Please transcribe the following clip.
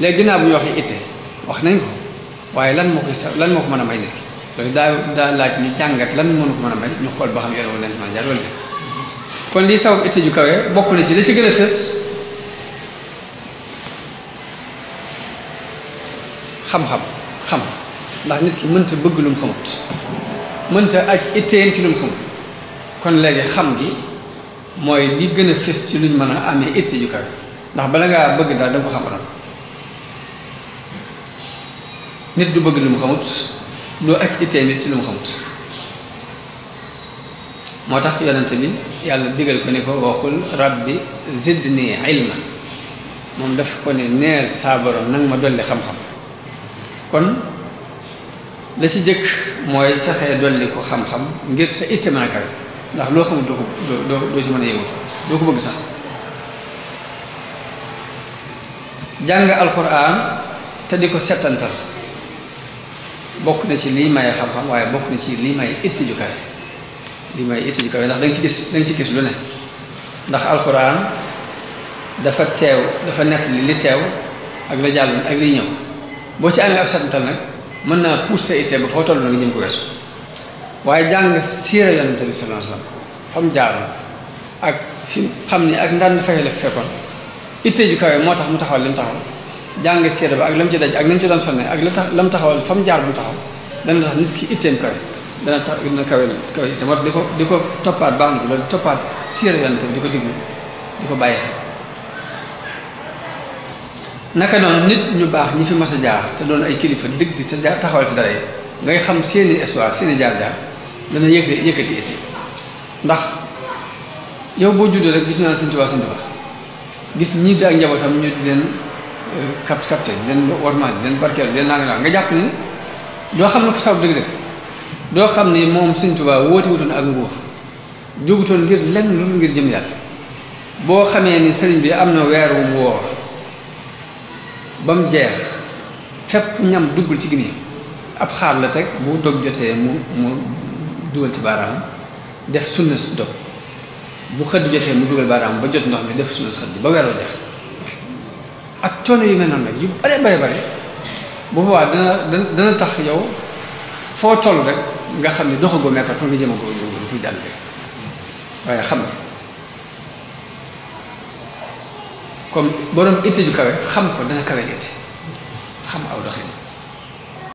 léegi ginnaaw bu ñu waxee itte wax nañ ko waaye lan moo koy sa lan moo ko mën a may nit ki daa daa laaj ñu jàngat lan mënu ko mën a may ñu xool ba xam yàlla wala nañ ci mën a jaar wala déet kon lii sabab itte ju kawe bokk ci li ci gën a fës xam-xam ndax nit ki mënta bëgg lu mu xamut mënta aj itteem ci lu kon léegi xam gi mooy li gën a ci luñ mën a amee itte ju kawe ndax bala ngaa bëgg daal da nga ko xam nit du bëgg lu mu xamut lu aj ittee nit ci lu mu xamut moo tax yonente bi yàlla digal ko ni ko waxul rabbi zidni ilman moom daf ko ne neel nag ma dolli xam kon la ci jëkk mooy fexee dolli ko xam ngir sa itte a kawe ndax loo xamut doo ko doo doo ci mën a yëngatu doo ko bëgg sax jàng alxuraan te di ko settantal bokk na ci lii maye xam-xam waaye bokk na ci lii maye itti ju kawe lii maye itti ju kawe ndax danga ci gis danga ci gis lu ne ndax alxuraan dafa teew dafa nekk li li teew ak la jàll ak li ñëw boo ci amee ak santal nag mën naa pousse sa ittee ba foo toll na ko weesu waaye jàng siira yonante bi sallallahu alayhi ak fi xam ni ak ndaan fay la fekkoon ittee ju kawe moo tax mu taxawal li mu taxawal jàng seede ba ak lam ci daj ak lam ci doon sonne ak la tax lam taxawal fa mu jaar mu taxaw dana tax nit ki itteem kawe dana tax dina kawe la di ko di ko toppaat baax toppaat seede bi di ko diglu ko bàyyi xel naka noonu nit ñu baax ñi fi mas jaar te doon ay kilifa dëgg te taxawal fi dara yi ngay xam seeni histoire seeni jaar-jaar dana yëkkati yëkkati ndax yow boo juddee rek gis ñu naan Sëñ Tuubaa Sëñ gis ñii ak njabootam ñu di kat kat di leen warmaal di leen barkeel di leen naan nga jàpp ne doo xam ne ko saw dëgg de doo xam ni moom Sëñ Tuubaa woote wutoon ak nguur jógutoon ngir lenn lu dul ngir jëm yàlla boo xamee ni sëriñ bi am na weer wu mu woor ba mu jeex fépp ñam duggul ci gine ab xaar la teg bu dog jotee mu mu dugal ci baaraam def sunnas dog bu xëdd jotee mu dugal baaraam ba jot ndox mi def sunnas xëdd bi ba weer jeex ak coono yu mel noonu nag yu bare bare bare bu boobaa dana dana tax yow foo toll rek nga xam ne doxagoo meetar pour nga jëm a ko yóbbu kuy waaye xam ne comme boo borom itte ju kawe xam ko dana kawe itte xam aw doxin